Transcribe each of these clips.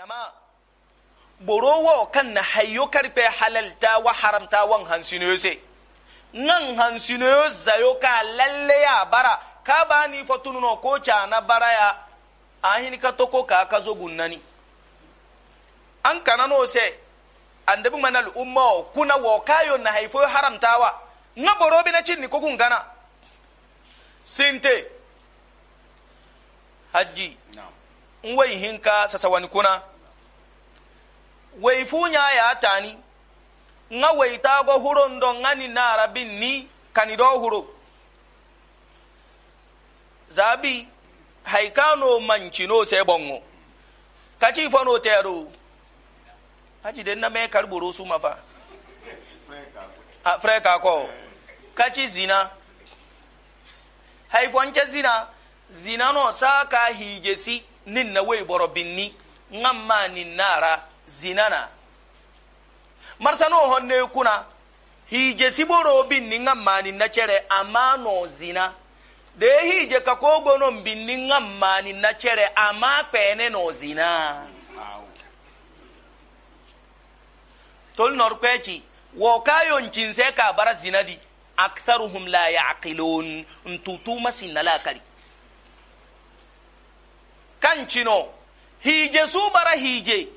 jama'a borowo kan na hayo karfe halalta wa haramta wan hansino se nan hansino zayo ka lalle ya bara ka ba ni fatununo ko cha na bara ya ahin ka ko ka ka zo gunnani an kana no se andabu manal umma kuna wo kayo na haifo wa na borobi na cinni ko kun gana sinte hajji no. n wai hinka sasawani kuna wei ya tani nga wei ta go huro ndo ngani na arabin ni kani do huro zabi haikano mancino se bongo kaci fano tero kaci denna na me karburu su mafa afrika ah, ko kaci zina haifonce zina zina no saka hijesi ninna na wei binni ngamma ni nara zinana marsano honne kuna hije siboro binni ngammani na cere amma no zina de hije ka kogono binni ngammani na cere pene no zina tol norkweci wo kayon cinse ka bara zina di aktharuhum la yaqilun ntutuma sinala kari kancino hije su bara hije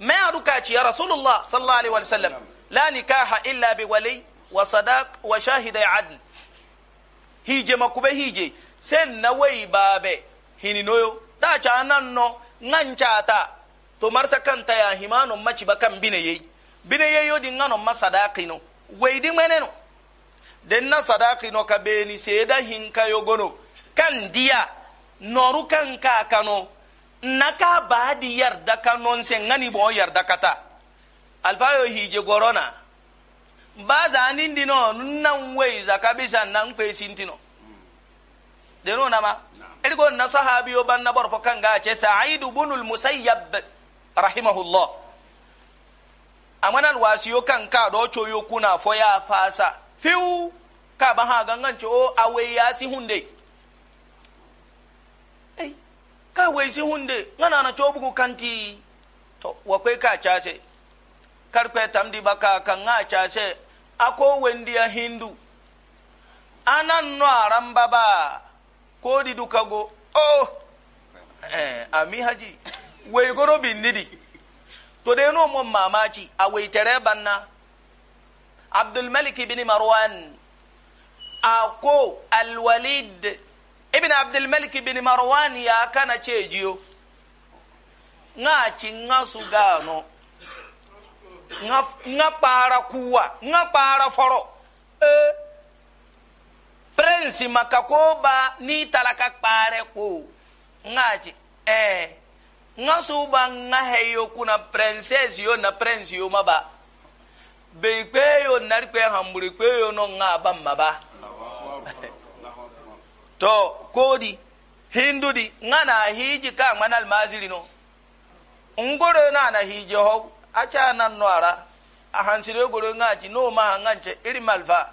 mayaru kaci ya rasulullah sallallahu alaihi wasallam la nikaha illa bi wali wa sadaq wa shahida adl hije makube hije sen na wai babe hininoyo da ca nan no ngan ta to marsa kanta ya himano maci bakan bine yayi bine yayo di ngano masadaqi no wai di meneno den na sadaqi no ka beni seda hinka yogono kan dia noru kan ka kakano naka baadi yarda ka nonse ngani bo yarda kata alfayo hije gorona baza anindi no nan wei zakabisa nan kwe sintino de no nama ergo na sahabi yo banna bor fokan ga ce sa'id ibn al musayyab rahimahullah amana al wasiyo kan ka do choyo kuna ya fasa fiu ka ba ha gangan ce o awe ya si hunde ka si hunde ngana na chobugu kanti to wakwai ka chase karpe tamdi baka kan nga chase ako wendi ya hindu anan no aramba ba ko di dukago oh eh ami haji wai goro to de no mon mamaci a wai tere banna abdul malik ibn marwan ako al walid ibn malik ibn marwan kana chejio nga chinga sugano nga nga para kuwa nga para foro eh. prince maka ni talaka kpaare ko ŋa ci eh. nga e. suba nga heyo kuna princess yo na prince yo maba ba yo kpeeyo nari kpee hamburi no nga ban to kodi hindudi ngana hiji ka ngana almaziri no ngoro na na hiji ho acha nan no ara a hansire goro no ma nganche iri malva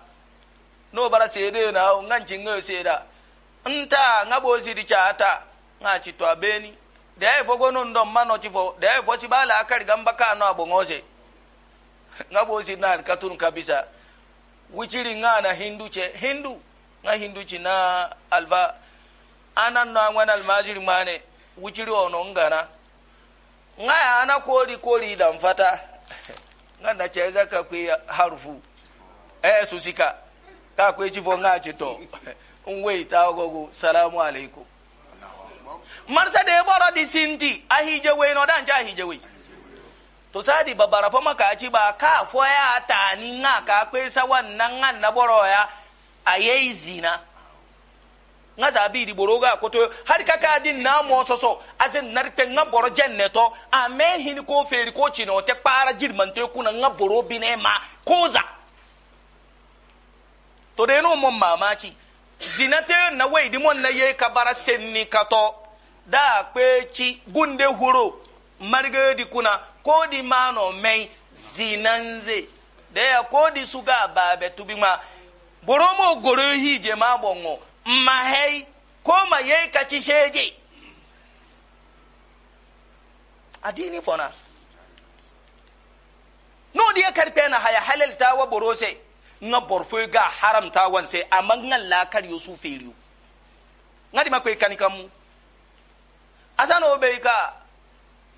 no bara sede na nganchi ngayo seda nta ngabo zidi chata ngachi to abeni da ifo gono ndo mano chifo da ifo si bala akari gamba ka no abongoze ngabo zidi na katun kabisa wichiri ngana hindu che hindu nga hindu cina alfa anan no angwana almajiri mane wuciri ono ngana nga ya ana kori kori da mfata nga na cheza ka kwe harufu eh susika ka kwe chifo nga chito unwe ita ogogo salamu alaikum marsa da bora di sinti ahije we no dan je we to sadi babara fo maka ba ka fo ya tani nga ka kwe sa wannan nga na boro ya ayeizina nga zabi di boro ga koto har ka ka din na mo soso asen nar pe nga boro jenne to ame hin ko feri ko chino te para jirman te kuna nga boro bine ma koza to de no mo mamaki zina te na we di mon na ye ka bara senni kato da pe chi gunde huro marge di kuna ko di mano mai zinanze da ya ko di suga babe tubima boroma ogoro ehi je ma bongo ma hei ko ma ye ka ci sheje adini fona no dia karpe na e ya halal ta wa borose na borfo ga haram ta wan sai amma ngan la kar yusu feriu ngadi makoy ka mu asana obe ka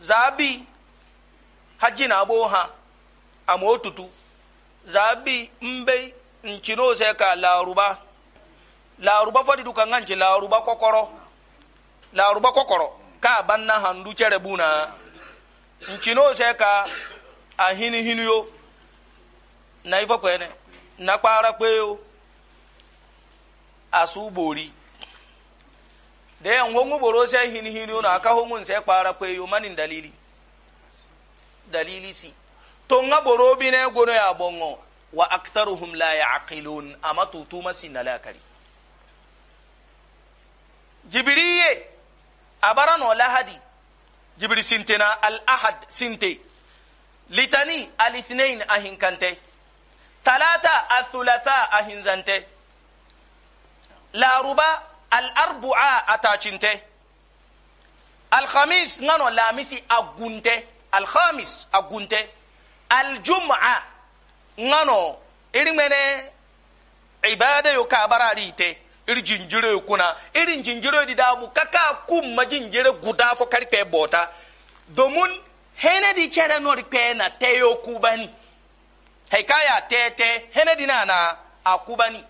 zabi haji na abo ha amotutu zabi mba. ncino se ka laruba laaruba fodi ka kanga nci laruba kokoro laruba kokoro ka banna handu cere buna ncino se ka a hini hiniyo na ifo kwene na kpara kpeyo asu bori da yan hongu boro sai hini hini na aka hongun sai kpara kpeyo manin dalili dalili si to nga boro bi ne gono ya bongo واكثرهم لا يعقلون اما تو تو مسي كري جبريه ابرن ولا هدي جبري سنتنا الاحد سنتي لتني الاثنين اهين كانتي ثلاثه الثلاثاء اهين زنتي لا ربا الاربعاء اتاچنتي الخميس نانو لامسي اغونتي الخامس اغونتي الجمعه ngano iri ŋmene ibada yo kabara ari ite iri jinjire yo kuna iri jinjire yo didamu kaka kumma jinjire guda fo kari kpe bota domin hene di cere nori kpe na te yo kubani hekaya tete hene di nana a kubani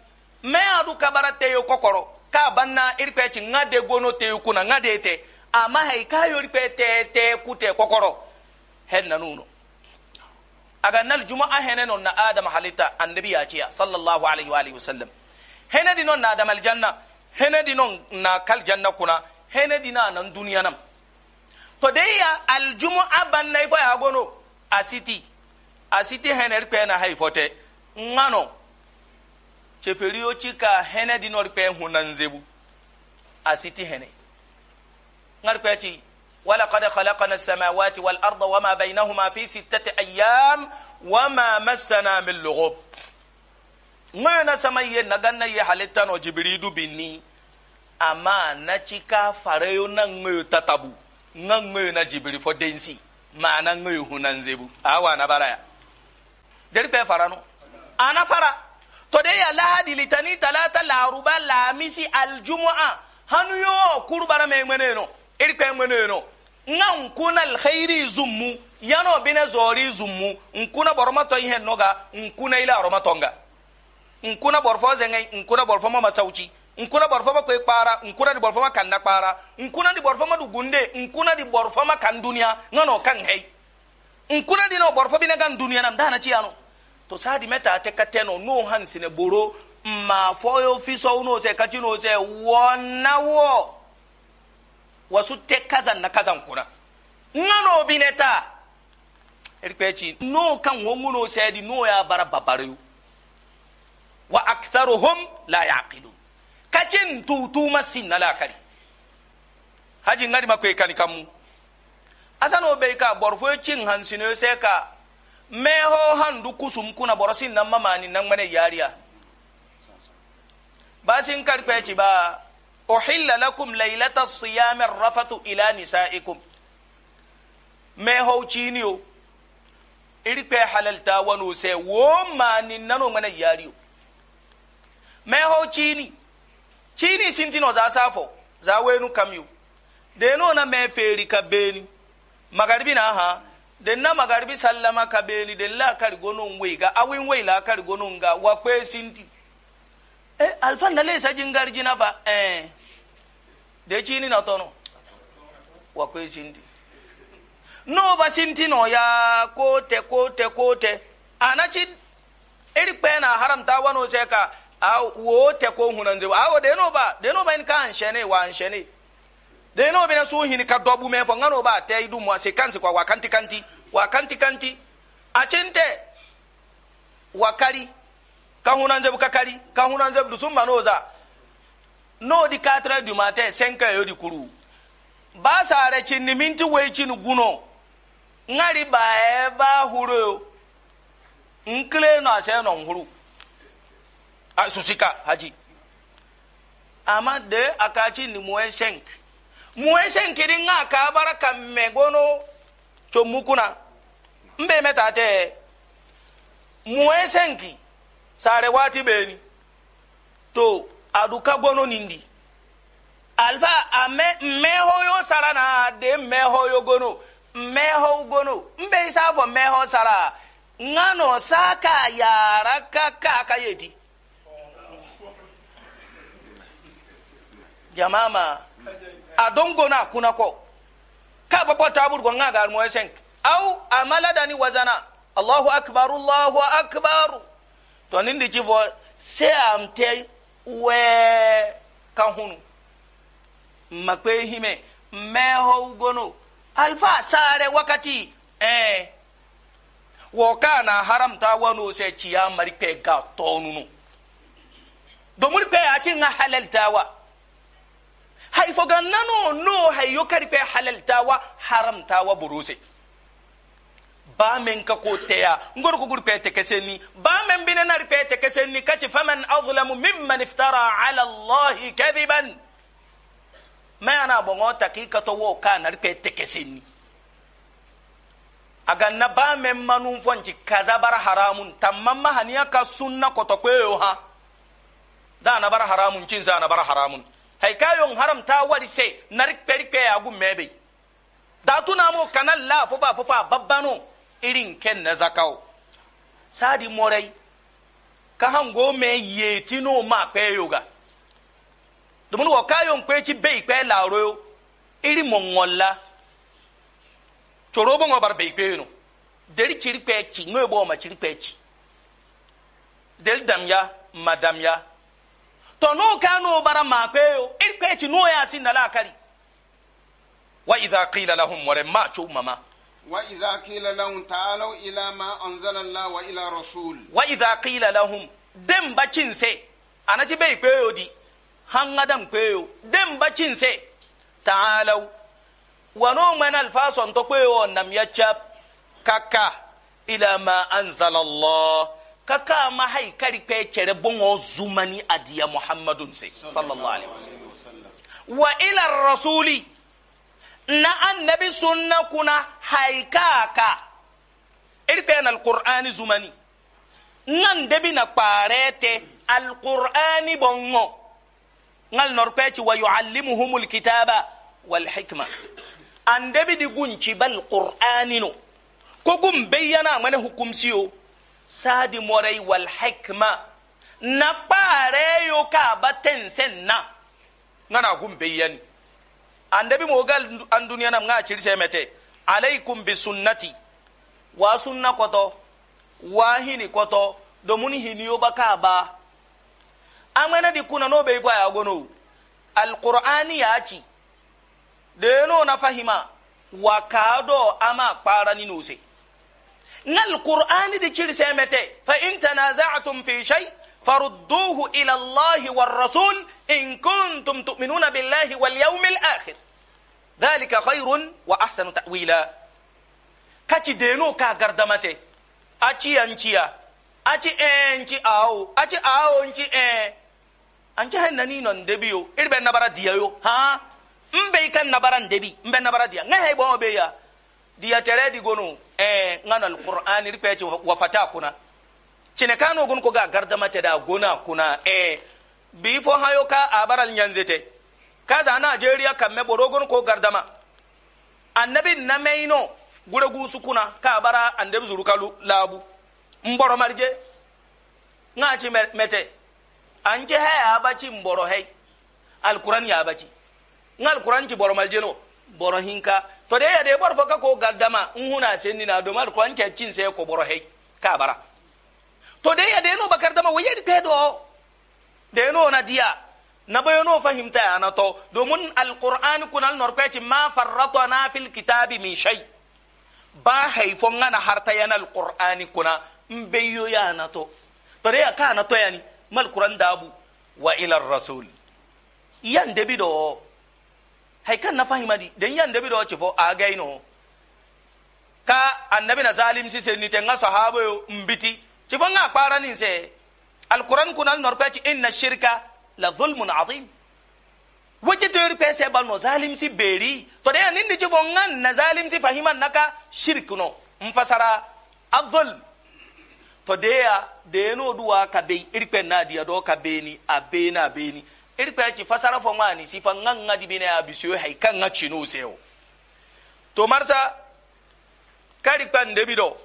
me adu kabara te yo kokoro ka banna iri kpe ci ŋa de gono te yo kuna ŋa de te amma hekaya yo iri kpe tete kute kokoro hen nanuno aga nal juma'a hene non na adam halitta annabi ya ciya sallallahu alaihi wa alihi wasallam hene di non na adam aljanna hene di non na kal janna kuna hene di na nan duniya nam to dai ya aljuma'a ban nay fa ya gono a city hene kwe na haifote ngano cheferiyo chika hene di non pe hunan zebu city hene ngar kwe ci ولقد خلقنا السماوات والأرض وما بينهما في ستة أيام وما مسنا من لغب نعنا سمية نغنى يحلتان وجبريد بني أما نتشكا فريونا نغي تتابو نغي نجبري فدنسي ما نغي هنانزيبو أهو أنا برايا دلقى فرانو أنا فرا تدي الله دي لتاني تلاتة لاربا لامسي الجمعة هنو يو كوربا ميمنينو iri kpe ŋmene no nga nkuna alkhairi zummu yano bine zori zummu nkuna boromato ihe noga nkuna ila nga nkuna borfo zengai nkuna borfo ma masauci nkuna borfo ma kwe kpara nkuna di borfo ma kanna kpara nkuna di borfo ma dugunde nkuna di borfo ma kan duniya n'o kan hei nkuna di no borfo bine kan duniya nam dana ci yano to sadi meta te kateno no hansine boro ma foyo fiso uno se kachino se wona wo wasu te kazan na kazan kuna ne bineta erikwechi no kan wonguno sedi no ya bara babaru wa aktharuhum la yaqilun kacin tutu masin na lakari haji ngari makwe kan kamu asano be ka borfo e cin hansino e se ka meho handu kusum kuna borosin nan mamani nan mane yariya basin karkwaci ba أحل لكم ليلة الصيام الرفث إلى نسائكم ما هو تشينيو إلقى حللتا ونوسي وما ننو من ياريو ما هو تشيني تشيني سنتينو زاسافو زاوينو كاميو دينو نا ما فيري كبيني مغربي ناها دينا na سلما كبيني دين لا den la kari gonon wei ga awin wei la kari gonon ga wa kwe sinti e alfan da lesa jingar jina eh de na tono wa kwe sindi no ba sintino ya kote kote kote anachi eri kpe haram haramta wano seka ka a te ko hunan zewa awo de no ba de no ba in ka anshene wa anshene de no bena so hin ka dobu me fo ngano ba te idu mo se kansi kwa wakanti kanti wakanti kanti acinte wakali ka hunan zebu kakali ka hunan zebu sumba noza no di 4 du matin 5 heures di kuru ba sare cinni minti wey cin guno ŋari baye ba huro nkile no ase na nhuru a ka haji ama de akaci ni muwe shenk muwe shenk di ŋa ka bara ka megono comukuna mbe meta te muwe shenki sare wati beni to aɗu kagononindi alfa a sara na de mmehoyo gono mmehow gono mbe sa fo mmeho sara ŋano sa ka yara ka ka ka yeti jamama a don gona kuna ko ka babo tabur ko ŋaga almoye senk au amaladani wazana allahu akbar allahu akbar to nindi ci se am wee ka hunu makpe hime mmeho ugono alfa sare wakati eh woka na haramta wano se ciya mari pe ga tonunu domin pe a cin halaltawa haifo ga nano no hayo kari pe halaltawa haramtawa buruse bamen ka ko teya ngor ko gur pete kesenni bamen bine nar pete keseni kati faman azlamu mimman iftara ala allah kadiban ma ana bongo takika to wo ka nar pete keseni aga na bamen manun fonji kaza bar haramun tamman mahaniya ka sunna ko to kweyo ha da na bar haramun cin za na bar haramun hay kayon haramta wari sai nar pere pere agun mebe da tuna mo kanal la fofa fofa babbano irin ken na zakao sadi morai ka hango me yeti no ma pe yoga domin wa kayo pe ci be ipe la royo iri mo ngolla choro bo ngobar be ipe no deri chiri pe ci ngoy bo ma chiri pe ci del damya madamya to no ka no bara ma pe yo iri pe ci no ya sin na la kari wa idha qila lahum wa ma chu mama وإذا قيل لهم تعالوا إلى ما أنزل الله وإلى رسول وإذا قيل لهم دم بچن سي أنا جبي بيو دي هنغا دم بيو دم بچن سي تعالوا ونو من الفاسون تكويو نم يتشاب كاكا إلى ما أنزل الله كاكا ما هي كاري كيكيري بونغو زماني أدي محمد سي صلى الله عليه وسلم وإلى الرسول na annabi sunna kuna haikaka irte na alqur'ani zumani nan debi na kparete alqur'ani bongo ngal norpeci wa yuallimuhum alkitaba walhikma an debi di gunci bal qur'ani no ko gum bayyana mana siyo. sadi morai walhikma na kpareyo ka batensen na ngana gum bayyani annabi mogal an duniya nam nga cirse mete alaikum bi sunnati wa sunna koto wa hini koto domin yo baka ba amana di kuna no bai ya gono alqur'ani ya ci de no na fahima wa kado ama para ni nuse ngal qur'ani di cirse mete fa in tanaza'tum fi shay' فردوه إلى الله والرسول إن كنتم تؤمنون بالله واليوم الآخر ذلك خير وأحسن تأويلا كاتي دينو كا غردمتي أتي أنتيا أتي أنتي أو أتي أو أنتي أن أنتي هنني نندبيو إربي نبرا ديايو ها مبي كان نبرا ندبي mbe nabara dia نهاي hay bo be ya dia tere di gonu eh ngana cine kano gun ko ga gardama te da gona kuna e bi fo hayo ka abaral nyanzete kaza nigeria kan me gun ko gardama annabi na meino gure gusu kuna ka bara zuru kalu labu mboro marje ci mete anje he abaci mboro he alquran ya abaci nga alquran ci boro marje no boro hinka to de ya de boro foka ko gardama nhuna senni na do mal quran ke cin se ko boro he ka bara to dai dama waye ni pedo o deno na diya na bayano fahimta ya na to domin alqur'ani kunal norpeci ma farratna fil kitabi min shay ba haifon ngana harta yana alqur'ani kuna mbeyo ya na to to dai aka na to yani mal qur'an dabu wa ila rasul yan debi do haikan na fahima di dan yan debi do ci fo againo ka annabi na zalim si ni tenga sahabo mbiti ci fa nga kpara ni se alquran kunal nor ci inna shirka la zulmun azim wace to yori pese bal no zalim si beri to de nin ci fo nga na zalim si fahiman naka shirku no mfasara zol to de ya de no duwa ka be irpe na dia do ka be ni a be na be ni irpe ci fasara fo nga ni si fa nga nga di bine abisiyo hay kan nga se o to marsa kari kpa ndebi do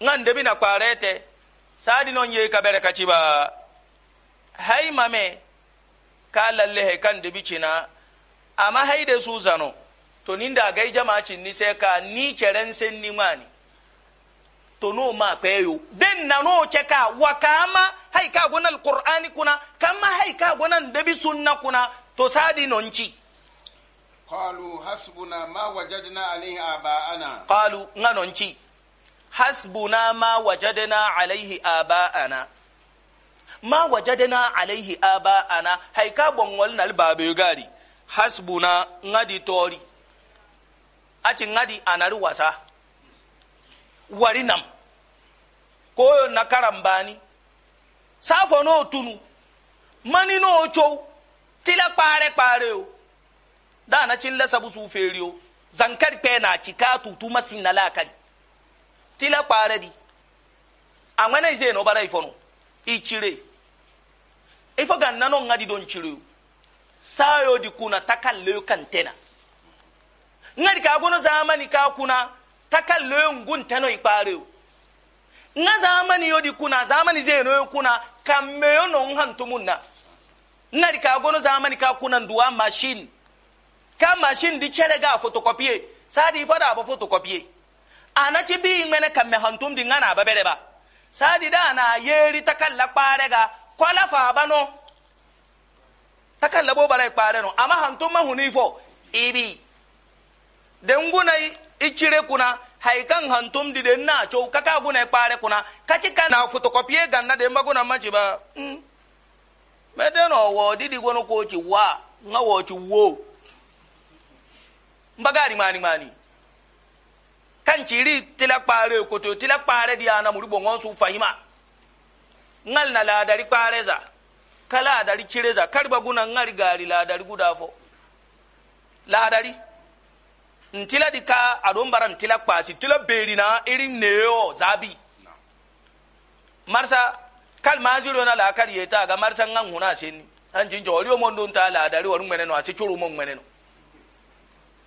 nga ndebi na kparete sadi ka yeyi ka ciba hay mame ka lalle he kan debi cina ama de suzano to ni da gai jama ni sai ka ni ceren sen ni mani to no ma peyo den na no ce ka wa kama hay ka gonan qur'ani kuna kama hay ka gonan bi sunna kuna to sadi non ci qalu hasbuna ma wajadna alayhi aba'ana qalu nganon hasbuna ma wajadana alaihi aba'ana ma wajadana alaihi aba'ana haika bonwal nal babe gari hasbuna ngadi tori aci ngadi anari wasa wari nam koyo na karambani safo no tunu mani no chow tila kpare kpare o dana cin lasabu su feri o zankar pe na cika tutu masin na lakari tila kpaare di a ŋmɛnɛ ize yen o bara ifɔnu i cire fɔ ka nanɔ ŋa di don cire o saa yoo di kunna taka leyo kan na ŋa di kaa kɔnɔ zamani kaa kunna taka leyo ŋgun na i kpaare o ŋa zamani yoo di kunna zamani ize yen o ye kunna ka meyo nɔ ŋa ntomu na ŋa di kaa kɔnɔ zamani kaa kunna nduwa machine ka machine di cɛlɛ gaa fotokɔpie saa di ifɔ daa bɔ fotokɔpie. anati bi ŋmene kamme hantumdi di ngana ba ba sadi da na yeri takalla kpare ga kwala faba no takalla bo bara kpare no ama hantum ma huni fo ibi denguna ichire kuna haikan hantum di den na cho kaka guna kpare kuna kachi kana fotokopie ganna de maguna maji ba mm. mede no wo didi gono ko chi wa nga wo chi wo mbagari mani mani kan ciri tila kpare koto tila kpare di ana muri bongon su fahima ngal na ladari kpare za kala adari cire za karba guna ngari gari ladari guda fo ladari ntila di ka adon bara ntila kpasi tila beri na irin neo zabi marsa kal maziro na la kariye ta ga marsa ngan huna an anjin jori mo ndon ta ladari wor ngmene no asi churu mo ngmene no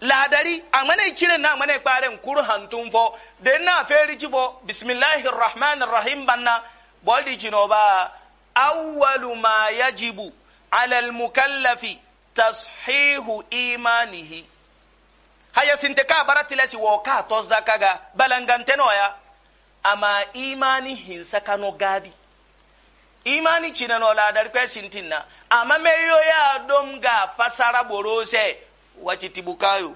ladari amane kire na mana kparen kuru hantun fo den na feri ci fo bismillahir rahmanir rahim banna boldi cino ba awwalu ma yajibu ala al mukallafi tashihu imanihi haya sinte ka baratila ci wo ka to zakaga balangante ya ama imani hinsa sakano gabi imani cinano ladari kwe ama meyo ya dom ga fasara borose wacitibukayo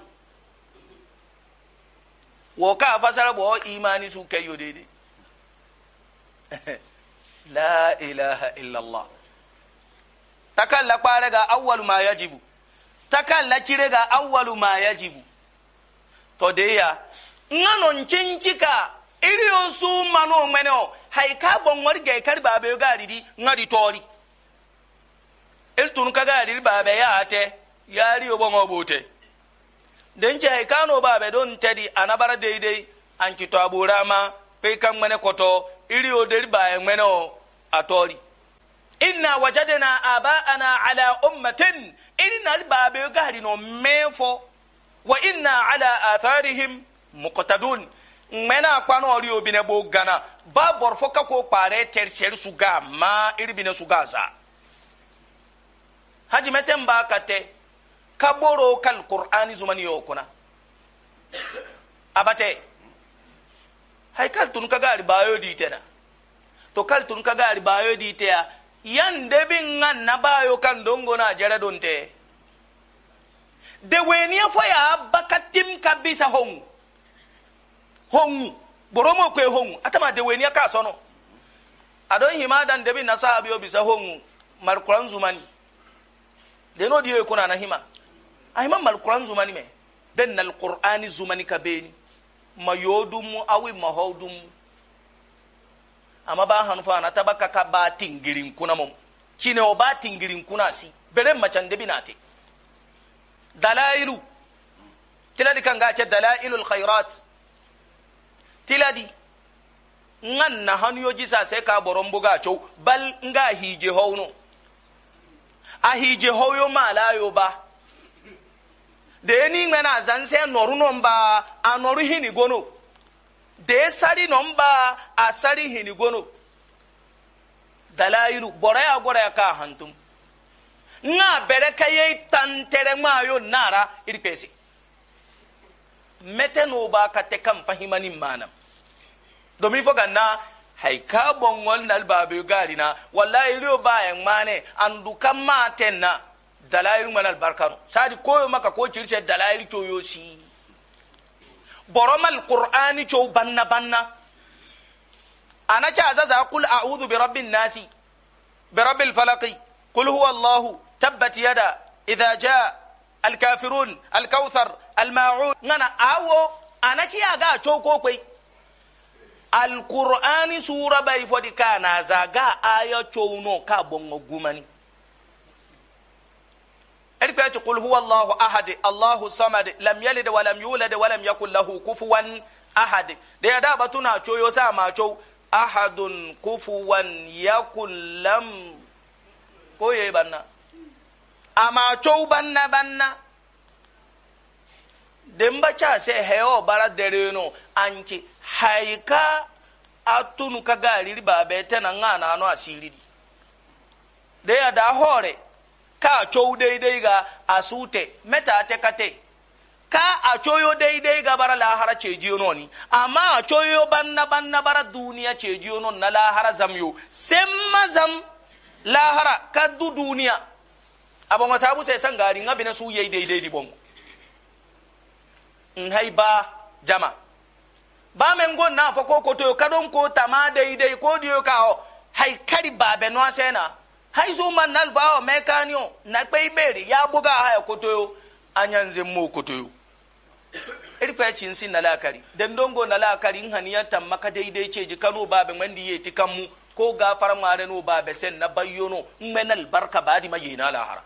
wo ka fasara bo imani su kayo dede la ilaha illallah takalla kpare ga awwalu ma yajibu takalla cire ga awwalu ma yajibu to de ya ngano osu manu omene o hay ka bonwari ga ikari babe ngari tori iltun ka ga riri ya ate yariyo ɓogo ɓote den ce ay ba baɓe don tedi anabara an kito abura ma pey kan mene koto iriyo deri baye mene o a tori inna aba ana ala ummatin iri nari baɓe gahari no mefo wa inna ala atharihim muqtadun ŋmɛnɛ a kpa n'ori o b'o gana ba bɔrɔ ka k'o kpaare tɛrisɛri suga ma iri bine suga za haji meten b'a ka tɛ ka ɓoro kal qur'ani zumani yo kuna abate hay kal tun ka gari bayo ditena to kal tun ka gari bayo diteya yande bin ŋan na bayo kan dongona jara donte de weniya fo ya bakatim ka bisa hongu hongu boromo kwe hongu atama de weniya ka sono adon hima dan debi na sahabiyo bisa hongu markuran zumani de no diyo kuna na hima ahima kur'an zumani me den nal qur'ani zumani ka beni ma dumu awi ma hawdumu amma ba hanu fa na tabaka ka ba tingirin kuna mum kine o ba tingirin kuna si bere macan da binate dalailu tiladi kan ga ce dalailul khairat tiladi ngan na hannu yoji sa sai ka boron buga cew bal nga hije hauno a hije yo ma layo ba dee n'igwe na aza a nọrụ hini gono hinigono dee sari nọmba asari gono dalailu gbọrọ ya gwara ya ka hantum na bere ka ye tantere y'o nara iri pese mete no ba ka te kan fahimani manam domin fo ganna hay ka wal nal babu garina wallahi riyo ba en mane andu kan maten na dalayir ŋmɛn albarkanu sadi koyo maka ko cirisɛ dalayir coyo si boromal qur'ani cow banna banna ana ca asasa qul a'udhu bi rabbin nasi bi rabbil falaqi qul huwa allah tabbat yada idha jaa alkafirun alkawthar alma'un ngana awo ana ci aga cow ko kwai alqur'ani sura bai fodi kana zaga aya cowno ka bongo gumani ẹ̀rí pé ẹ allahu ahadi allahu samadi lam yalid wa lam yulad wa lam yakul lahu kufuwan ahadi da ya daba tuna coyo sa ma co ahadun kufuwan yakul lam ko ye banna ama co banna banna demba ca se heyo bara dereno anki haika atunu kaga riri babe tena ngana anu asiri. da ya da hore ka a cow daidai ga a sute meta te kate ka a coyo daidai ga bara lahara jiyo noni amma a coyo banna banna bara duniya jiyo non na lahara zamyo semma mazam lahara ka du duniya abongo sai san gari ngabi na su yei daidai di bongo in hai ba jama ba men gon na fa ko koto kadon ko tama daidai ko diyo ka ho hai kari babe no haizo man nalvawa mekaniyo na kpe iberi ya buga haya kotoyo anyanze mo kotoyo iri kwa cinsi na lakari dan dongo na lakari in haniya tamma maka daidai ce ji kano babe wandi yi ti kanmu ko gafar mare no babe sen na bayyono in menal barka badi mai na lahara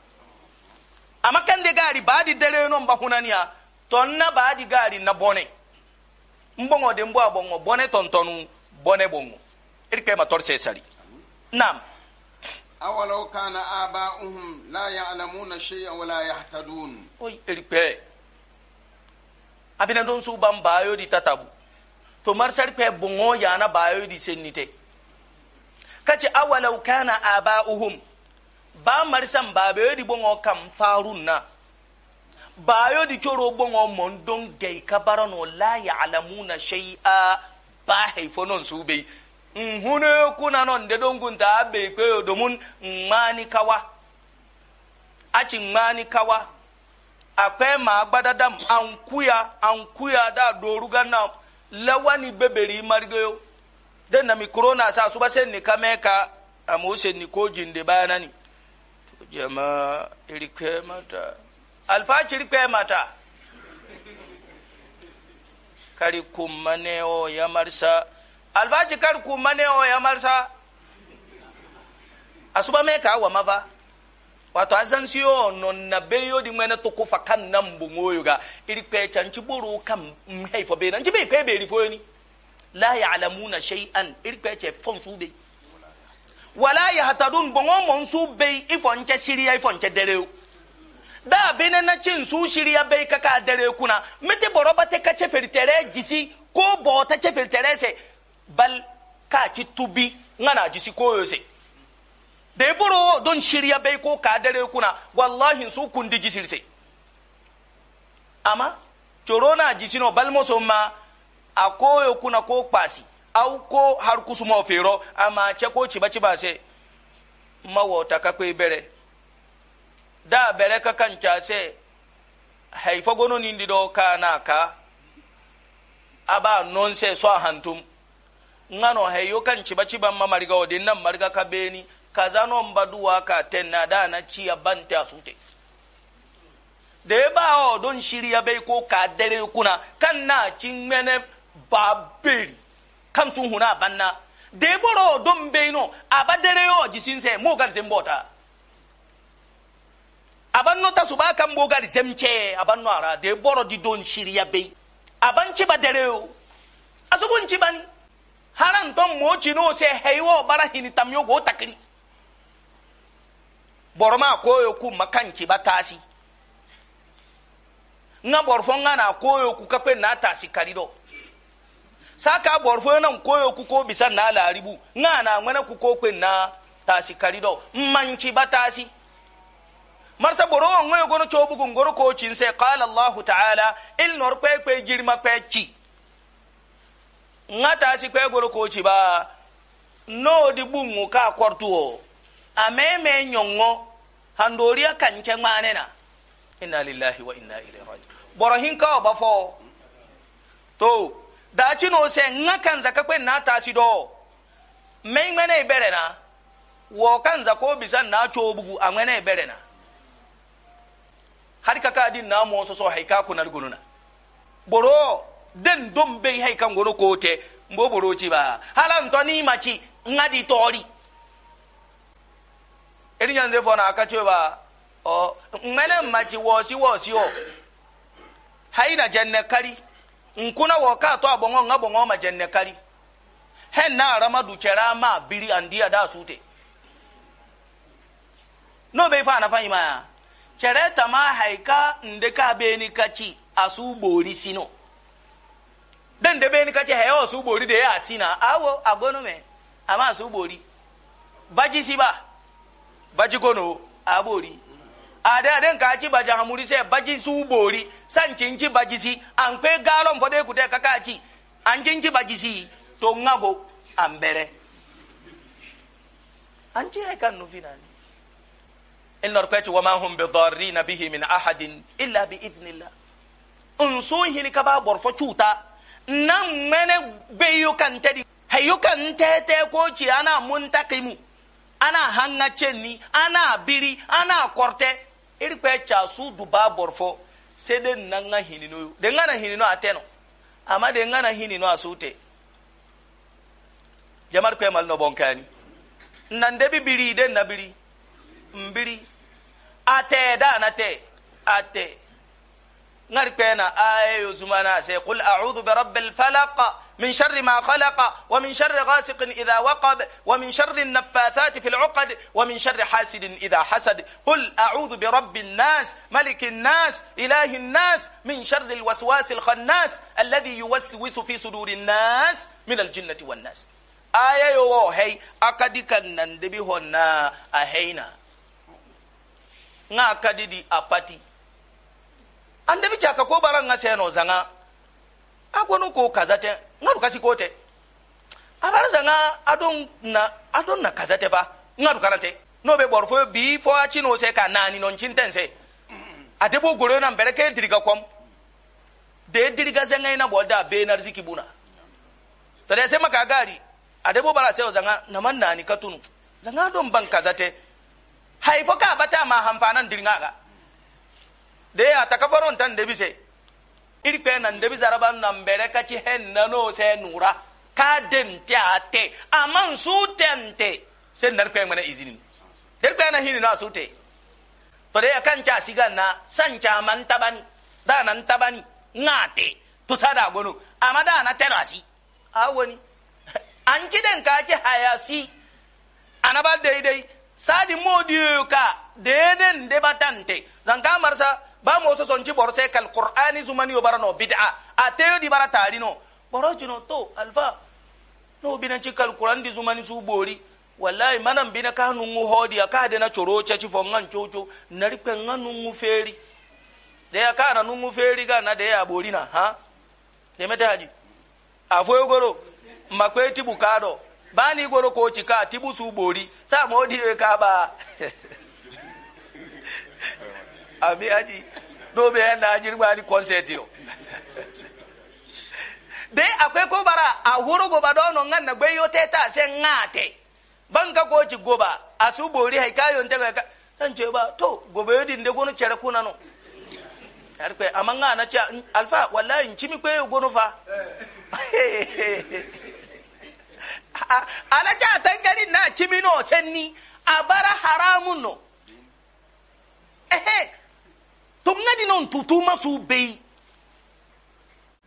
amma kan de gari badi dare no ba hunaniya ton na badi gari na bone mbongo de mbo bongo bone tontonu bone bongo iri kwa ma torse sari nam awalau kana aba'uhum la ya'lamuna shay'an wa la yahtadun oy erikpe abina don su ban bayo di tatabu to marsar pe bongo yana bayo di sennite kace awalau kana aba'uhum ba marsan babayo di bongo kam farun na bayo di coro bongo mon don gai kabarano la ya'lamuna shay'a ba haifonon su bai nhunekwu na no nde dongu nta abe kpe domun mmani kawa achi mmani kawa ma agbadadam ankuya ankuya da dorugana na lawani beberi marigoyo den na mikro na sa suba sen ni ni bayana ni jama irikwe mata alfaci irikwe mata kari kummaneo yamarsa marsa alfaji kar ku mane o ya marsa asuba me ka wa mafa wato azan si yo no na be yo di mene to ku fa kan nan bu ngoyo ga iri pe chanchi buru kam mhei fo be nan jibe pe be ri fo ni la ya'lamuna shay'an iri pe che fon su be wala yahtadun bongo mon su be ifo nche siriya ifo nche dereo da bene na cin su shirya bai kaka dare kuna miti boroba ka kace firtere jisi ko bota ce firtere se bal ka ki tubi ngana si koyo se da buru don shirya bai ko ka dare kuna wallahi su di jisir se amma corona jisino balmoso ma a koyo kuna ko kwasi au ko har kusuma fero amma ce ko ciba ciba se mawota ka ko bere da bere ka kanca se haifa gono nindi kana ka aba non se so hantum ngano heyo kan ciba ciban ma mariga o din nan mariga ka beni kaza no duwa ka tenna da na ya bante asute de ba o don shirya bai ko ka dare kuna kan na cin mene baberi kan sun huna banna de boro don beino no a ba dare yo jisin sai mo gar bota aban no ta suba kan bo gar zemce aban no ara de boro di don shirya bai aban ci ba dare yo asugun ci bani haran ton mocino se heiwo bara hini tamyo go takri borma koyo ku makanki batasi nga borfo nga na koyo ku kape na tasi karido saka borfo na koyo ku ko bisa na laribu nga na ngwana ku ko kwen na tasi karido manki batasi marsa boro ngoyo gono chobu gongoro ko chinse qala allah ta'ala il nor kwe kwe girma kwe chi nga ta si kwe goro ko ci ba no di bungu ka kwartuwo a meme nyongo handoriya kanke ngane na inna lillahi wa inna ilaihi raji borohin ka ba fo to da ci no se nga kan ka kwe na ta si do mai na ibere e na wo kan zako bisan na cho bugu a ngane ibere e na har ka din na mo so so haika kunar gununa boro den don be hay kan gono ko te mbo boro ci ba halan to ni maci ngadi tori eri nyanze fona akacho ba o mene maci wosi wosi o haina janne kari nkuna wo ka to abongo ngabongo ma janne kari hen na arama du chera biri andia da sute no be fa na fa ima chere tama haika ndeka ni kachi asu bori sino den de beni kace heyo oh, su bori da ya asina awo agonu me amma su bori baji si ba baji gono a ada den ka ci baji hamuri se baji su bori san kinki baji si an kwe galon fode kute kaka ci an kinki baji si to ngago ambere an ci kan nufi na ne ilnar kwaci wa mahun bi dharri na bihi min ahadin illa bi idnillah in so hin ka ba borfo cuta nan mene be yukan tedi hay yukan tete ko ci ana muntakimu ana hanga chenni ana biri ana korte iri kwe chasu duba borfo sede nanga hinino de ngana hinino ateno ama de ngana hinino asute jamar kwe mal no bonkani nan de bibiri de biri mbiri ate da na te ate ngari pena ayeyo zumana se qul a'udhu bi rabbil falaq min sharri ma khalaqa wa min sharri ghasiqin idha waqab wa min sharri an-naffathati fil 'uqad wa min sharri hasidin idha hasad qul a'udhu bi rabbin nas malikin nas ilahin nas min sharri al-waswasil khannas alladhi yuwaswisu fi sudurin nas min al-jinnati wan nas ayeyo wo hey akadikan nan debi honna a heina nga kadidi apati an ande ka ko bara nga seno zanga a ko kaza kazate ngaru kasi kote abara zanga adon na adon na kaza kazate ba ngaru karate no be bor fo bi fo achi no se ka nani non chintense adebo gore na mbere ke diriga kom de diriga zanga ina bolda be na riziki buna tare se maka gari adebo bara se zanga na man nani katunu zanga don ban kaza kazate haifo ka bata ma hamfanan diringa ga de ata kafaronta ndebise iri kpe na ndebi zaraba na mbere kachi he nano se nura ka den dente te aman su te se nar kpe ngana izini der kpe na hini na su te to ya kan cha siga na san cha man tabani da nan tabani te to sada gono da na a woni an kiden ka ki hayasi anaba daidai sadi modiyo ka daidai ndeba zanka marsa ba mu wasu sonji boro sai kal qur'ani zumani yo barano bid'a a te teyo di bara tari no boro jino to alfa no bina ci kal qur'an di zumani su bori wallahi manan bina ka nungu hodi aka de na choro che ci fongan chocho nari pe nganungu feri de ya kana nungu feri ga na de ya bori na ha de meta haji afoyo goro makweti bukado bani goro ko cika tibu su bori sa modi ka ba àmì àjì dóò bẹ́ẹ̀ náà àjìrìgbà ni kọ́nsẹ̀tì yo de akwai ko bara a wuro goba don non ngan na gwayo te ta se ngate banka ko ci goba asu bori hay kayo nte ka san ce ba to goba yodi de gono cere kuna no har kai amanga na cha mm, alfa wallahi in cimi ko gono fa ana cha tangari na cimi no senni abara haramun no ehe to ŋadi non tutuma su bei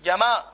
jama